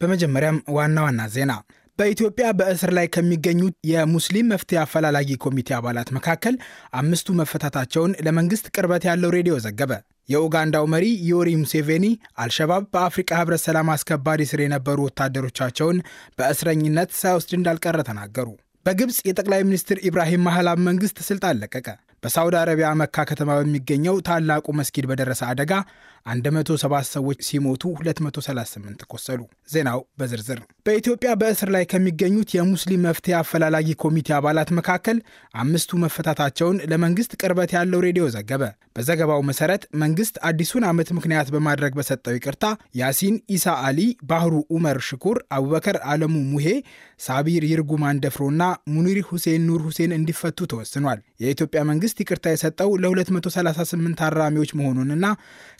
በመጀመሪያም ዋና ዋና ዜና በኢትዮጵያ በእስር ላይ ከሚገኙት የሙስሊም መፍትሄ አፈላላጊ ኮሚቴ አባላት መካከል አምስቱ መፈታታቸውን ለመንግስት ቅርበት ያለው ሬዲዮ ዘገበ። የኡጋንዳው መሪ ዮሪ ሙሴቬኒ አልሸባብ በአፍሪቃ ህብረት ሰላም አስከባሪ ስር የነበሩ ወታደሮቻቸውን በእስረኝነት ሳይወስድ እንዳልቀረ ተናገሩ። በግብፅ የጠቅላይ ሚኒስትር ኢብራሂም ማህላብ መንግስት ስልጣን ለቀቀ። በሳውዲ አረቢያ መካ ከተማ በሚገኘው ታላቁ መስጊድ በደረሰ አደጋ 177 ሰዎች ሲሞቱ 238 ቆሰሉ። ዜናው በዝርዝር በኢትዮጵያ በእስር ላይ ከሚገኙት የሙስሊም መፍትሄ አፈላላጊ ኮሚቴ አባላት መካከል አምስቱ መፈታታቸውን ለመንግስት ቅርበት ያለው ሬዲዮ ዘገበ። በዘገባው መሰረት መንግስት አዲሱን ዓመት ምክንያት በማድረግ በሰጠው ይቅርታ ያሲን ኢሳ አሊ፣ ባህሩ ኡመር ሽኩር፣ አቡበከር አለሙ ሙሄ፣ ሳቢር ይርጉ ማንደፍሮና ሙኒር ሁሴን ኑር ሁሴን እንዲፈቱ ተወስኗል። የኢትዮጵያ መንግስት ይቅርታ የሰጠው ለ238 ታራሚዎች መሆኑንና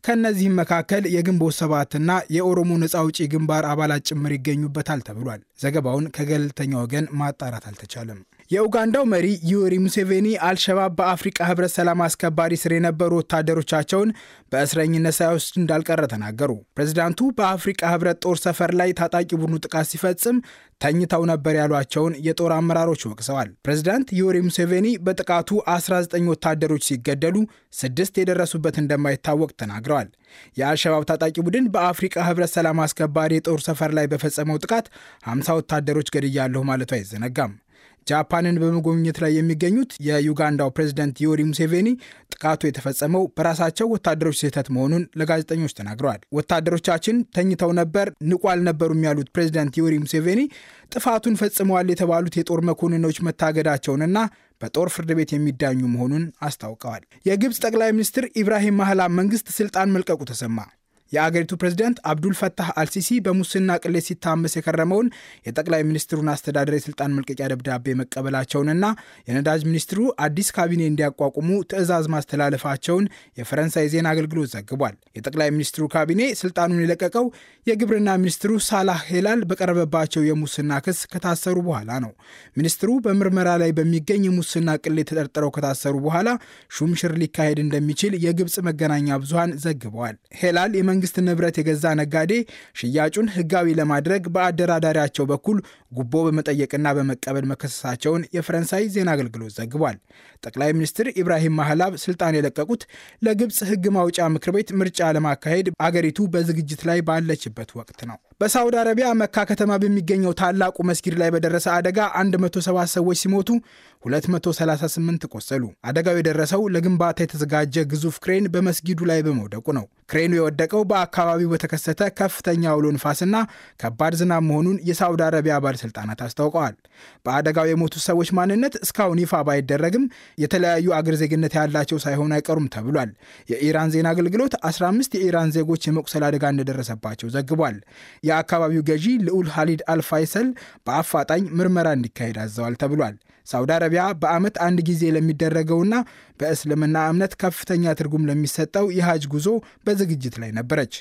ከእነዚህ ከእነዚህም መካከል የግንቦት ሰባትና የኦሮሞ ነጻ አውጪ ግንባር አባላት ጭምር ይገኙበታል ተብሏል። ዘገባውን ከገለልተኛ ወገን ማጣራት አልተቻለም። የኡጋንዳው መሪ ዩዌሪ ሙሴቬኒ አልሸባብ በአፍሪቃ ህብረት ሰላም አስከባሪ ስር የነበሩ ወታደሮቻቸውን በእስረኝነት ሳይወስድ እንዳልቀረ ተናገሩ። ፕሬዚዳንቱ በአፍሪቃ ህብረት ጦር ሰፈር ላይ ታጣቂ ቡድኑ ጥቃት ሲፈጽም ተኝተው ነበር ያሏቸውን የጦር አመራሮች ወቅሰዋል። ፕሬዚዳንት ዩዌሪ ሙሴቬኒ በጥቃቱ 19 ወታደሮች ሲገደሉ ስድስት የደረሱበት እንደማይታወቅ ተናግረዋል። የአልሸባብ ታጣቂ ቡድን በአፍሪቃ ህብረት ሰላም አስከባሪ የጦር ሰፈር ላይ በፈጸመው ጥቃት 50 ወታደሮች ገድያለሁ ማለቱ አይዘነጋም። ጃፓንን በመጎብኘት ላይ የሚገኙት የዩጋንዳው ፕሬዚደንት ዮሪ ሙሴቬኒ ጥቃቱ የተፈጸመው በራሳቸው ወታደሮች ስህተት መሆኑን ለጋዜጠኞች ተናግረዋል። ወታደሮቻችን ተኝተው ነበር፣ ንቁ አልነበሩም ያሉት ፕሬዚደንት ዮሪ ሙሴቬኒ ጥፋቱን ፈጽመዋል የተባሉት የጦር መኮንኖች መታገዳቸውንና በጦር ፍርድ ቤት የሚዳኙ መሆኑን አስታውቀዋል። የግብፅ ጠቅላይ ሚኒስትር ኢብራሂም ማህላ መንግስት ስልጣን መልቀቁ ተሰማ። የአገሪቱ ፕሬዚደንት አብዱል ፈታህ አልሲሲ በሙስና ቅሌት ሲታመስ የከረመውን የጠቅላይ ሚኒስትሩን አስተዳደር የስልጣን መልቀቂያ ደብዳቤ መቀበላቸውንና የነዳጅ ሚኒስትሩ አዲስ ካቢኔ እንዲያቋቁሙ ትዕዛዝ ማስተላለፋቸውን የፈረንሳይ ዜና አገልግሎት ዘግቧል። የጠቅላይ ሚኒስትሩ ካቢኔ ስልጣኑን የለቀቀው የግብርና ሚኒስትሩ ሳላህ ሄላል በቀረበባቸው የሙስና ክስ ከታሰሩ በኋላ ነው። ሚኒስትሩ በምርመራ ላይ በሚገኝ የሙስና ቅሌት ተጠርጥረው ከታሰሩ በኋላ ሹምሽር ሊካሄድ እንደሚችል የግብፅ መገናኛ ብዙሃን ዘግበዋል። ሄላል የመንግስት ንብረት የገዛ ነጋዴ ሽያጩን ህጋዊ ለማድረግ በአደራዳሪያቸው በኩል ጉቦ በመጠየቅና በመቀበል መከሰሳቸውን የፈረንሳይ ዜና አገልግሎት ዘግቧል። ጠቅላይ ሚኒስትር ኢብራሂም ማህላብ ስልጣን የለቀቁት ለግብፅ ህግ ማውጫ ምክር ቤት ምርጫ ለማካሄድ አገሪቱ በዝግጅት ላይ ባለችበት ወቅት ነው። በሳውዲ አረቢያ መካ ከተማ በሚገኘው ታላቁ መስጊድ ላይ በደረሰ አደጋ 170 ሰዎች ሲሞቱ 238 ቆሰሉ። አደጋው የደረሰው ለግንባታ የተዘጋጀ ግዙፍ ክሬን በመስጊዱ ላይ በመውደቁ ነው። ክሬኑ የወደቀው በአካባቢው በተከሰተ ከፍተኛ አውሎ ንፋስና ከባድ ዝናብ መሆኑን የሳውዲ አረቢያ ባለሥልጣናት አስታውቀዋል። በአደጋው የሞቱ ሰዎች ማንነት እስካሁን ይፋ ባይደረግም የተለያዩ አገር ዜግነት ያላቸው ሳይሆን አይቀሩም ተብሏል። የኢራን ዜና አገልግሎት 15 የኢራን ዜጎች የመቁሰል አደጋ እንደደረሰባቸው ዘግቧል። የአካባቢው ገዢ ልዑል ሀሊድ አልፋይሰል በአፋጣኝ ምርመራ እንዲካሄድ አዘዋል ተብሏል። ሳውዲ አረቢያ በዓመት አንድ ጊዜ ለሚደረገውና በእስልምና እምነት ከፍተኛ ትርጉም ለሚሰጠው የሐጅ ጉዞ በዝግጅት ላይ ነበረች።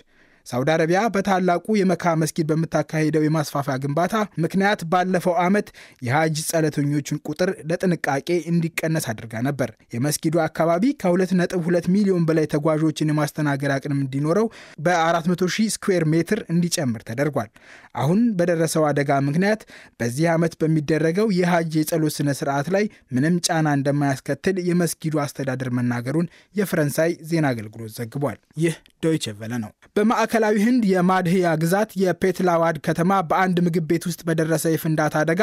ሳውዲ አረቢያ በታላቁ የመካ መስጊድ በምታካሄደው የማስፋፊያ ግንባታ ምክንያት ባለፈው ዓመት የሐጅ ጸለተኞችን ቁጥር ለጥንቃቄ እንዲቀነስ አድርጋ ነበር። የመስጊዱ አካባቢ ከ2.2 ሚሊዮን በላይ ተጓዦችን የማስተናገድ አቅም እንዲኖረው በ400 ስኩዌር ሜትር እንዲጨምር ተደርጓል። አሁን በደረሰው አደጋ ምክንያት በዚህ ዓመት በሚደረገው የሐጅ የጸሎት ስነ ስርዓት ላይ ምንም ጫና እንደማያስከትል የመስጊዱ አስተዳደር መናገሩን የፈረንሳይ ዜና አገልግሎት ዘግቧል። ይህ ዶይቼ ቬለ ነው። በማዕከላዊ ህንድ የማድህያ ግዛት የፔትላዋድ ከተማ በአንድ ምግብ ቤት ውስጥ በደረሰ የፍንዳታ አደጋ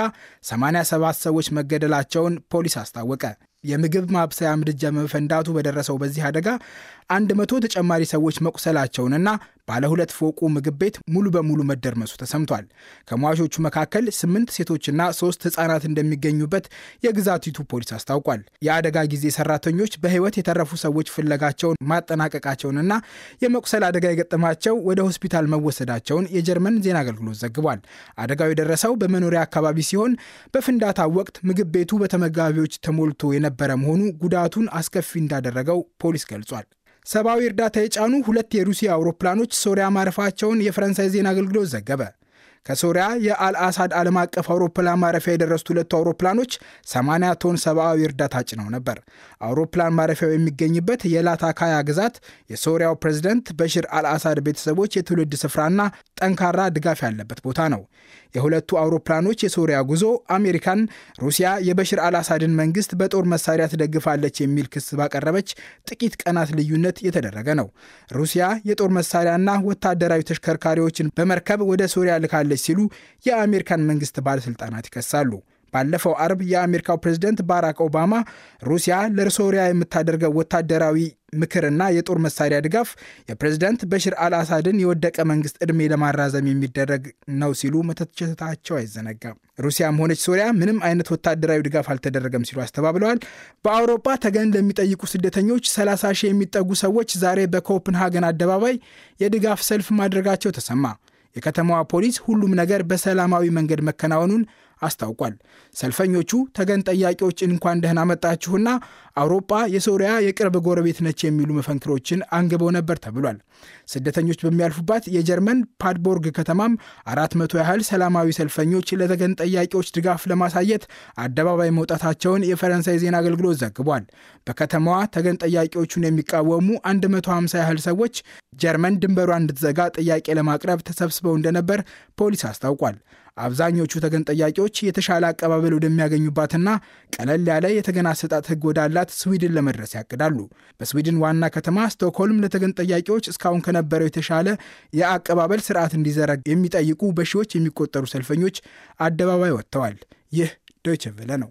87 ሰዎች መገደላቸውን ፖሊስ አስታወቀ። የምግብ ማብሰያ ምድጃ መፈንዳቱ በደረሰው በዚህ አደጋ አንድ መቶ ተጨማሪ ሰዎች መቁሰላቸውንና ባለ ሁለት ፎቁ ምግብ ቤት ሙሉ በሙሉ መደርመሱ ተሰምቷል። ከሟቾቹ መካከል ስምንት ሴቶችና ሶስት ህጻናት እንደሚገኙበት የግዛቲቱ ፖሊስ አስታውቋል። የአደጋ ጊዜ ሰራተኞች በህይወት የተረፉ ሰዎች ፍለጋቸውን ማጠናቀቃቸውንና የመቁሰል አደጋ የገጠማቸው ወደ ሆስፒታል መወሰዳቸውን የጀርመን ዜና አገልግሎት ዘግቧል። አደጋው የደረሰው በመኖሪያ አካባቢ ሲሆን በፍንዳታ ወቅት ምግብ ቤቱ በተመጋቢዎች ተሞልቶ የነበረ መሆኑ ጉዳቱን አስከፊ እንዳደረገው ፖሊስ ገልጿል። ሰብአዊ እርዳታ የጫኑ ሁለት የሩሲያ አውሮፕላኖች ሶሪያ ማረፋቸውን የፈረንሳይ ዜና አገልግሎት ዘገበ። ከሶሪያ የአልአሳድ ዓለም አቀፍ አውሮፕላን ማረፊያ የደረሱት ሁለቱ አውሮፕላኖች 80 ቶን ሰብአዊ እርዳታ ጭነው ነበር። አውሮፕላን ማረፊያው የሚገኝበት የላታካያ ግዛት የሶሪያው ፕሬዝደንት በሽር አልአሳድ ቤተሰቦች የትውልድ ስፍራና ጠንካራ ድጋፍ ያለበት ቦታ ነው። የሁለቱ አውሮፕላኖች የሶሪያ ጉዞ አሜሪካን ሩሲያ የበሽር አልአሳድን መንግስት በጦር መሳሪያ ትደግፋለች የሚል ክስ ባቀረበች ጥቂት ቀናት ልዩነት የተደረገ ነው። ሩሲያ የጦር መሳሪያና ወታደራዊ ተሽከርካሪዎችን በመርከብ ወደ ሶሪያ ልካለች ሲሉ የአሜሪካን መንግስት ባለስልጣናት ይከሳሉ። ባለፈው አርብ የአሜሪካው ፕሬዝደንት ባራክ ኦባማ ሩሲያ ለሶሪያ የምታደርገው ወታደራዊ ምክርና የጦር መሳሪያ ድጋፍ የፕሬዝደንት በሽር አልአሳድን የወደቀ መንግስት ዕድሜ ለማራዘም የሚደረግ ነው ሲሉ መተቸታቸው አይዘነጋም። ሩሲያም ሆነች ሶሪያ ምንም አይነት ወታደራዊ ድጋፍ አልተደረገም ሲሉ አስተባብለዋል። በአውሮፓ ተገን ለሚጠይቁ ስደተኞች 30 ሺህ የሚጠጉ ሰዎች ዛሬ በኮፕንሃገን አደባባይ የድጋፍ ሰልፍ ማድረጋቸው ተሰማ። የከተማዋ ፖሊስ ሁሉም ነገር በሰላማዊ መንገድ መከናወኑን አስታውቋል። ሰልፈኞቹ ተገን ጠያቂዎች እንኳን ደህና መጣችሁና አውሮፓ የሶሪያ የቅርብ ጎረቤት ነች የሚሉ መፈንክሮችን አንግበው ነበር ተብሏል። ስደተኞች በሚያልፉባት የጀርመን ፓድቦርግ ከተማም አራት መቶ ያህል ሰላማዊ ሰልፈኞች ለተገን ጠያቂዎች ድጋፍ ለማሳየት አደባባይ መውጣታቸውን የፈረንሳይ ዜና አገልግሎት ዘግቧል። በከተማዋ ተገን ጠያቂዎቹን የሚቃወሙ 150 ያህል ሰዎች ጀርመን ድንበሯ እንድትዘጋ ጥያቄ ለማቅረብ ተሰብስበው እንደነበር ፖሊስ አስታውቋል። አብዛኞቹ ተገን ጠያቂዎች የተሻለ አቀባበል ወደሚያገኙባትና ቀለል ያለ የተገን አሰጣጥ ሕግ ወዳላት ስዊድን ለመድረስ ያቅዳሉ። በስዊድን ዋና ከተማ ስቶክሆልም ለተገን ጠያቂዎች እስካሁን ከነበረው የተሻለ የአቀባበል ስርዓት እንዲዘረግ የሚጠይቁ በሺዎች የሚቆጠሩ ሰልፈኞች አደባባይ ወጥተዋል። ይህ ዶይቸ ቬለ ነው።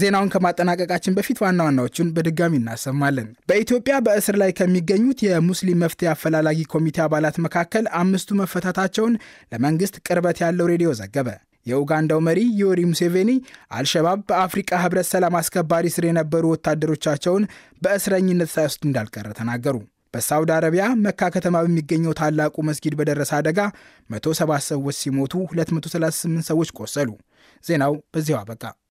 ዜናውን ከማጠናቀቃችን በፊት ዋና ዋናዎቹን በድጋሚ እናሰማለን። በኢትዮጵያ በእስር ላይ ከሚገኙት የሙስሊም መፍትሄ አፈላላጊ ኮሚቴ አባላት መካከል አምስቱ መፈታታቸውን ለመንግስት ቅርበት ያለው ሬዲዮ ዘገበ። የኡጋንዳው መሪ ዮሪ ሙሴቬኒ አልሸባብ በአፍሪቃ ህብረት ሰላም አስከባሪ ስር የነበሩ ወታደሮቻቸውን በእስረኝነት ሳይወስዱ እንዳልቀረ ተናገሩ። በሳውዲ አረቢያ መካ ከተማ በሚገኘው ታላቁ መስጊድ በደረሰ አደጋ 107 ሰዎች ሲሞቱ 238 ሰዎች ቆሰሉ። ዜናው በዚያው አበቃ።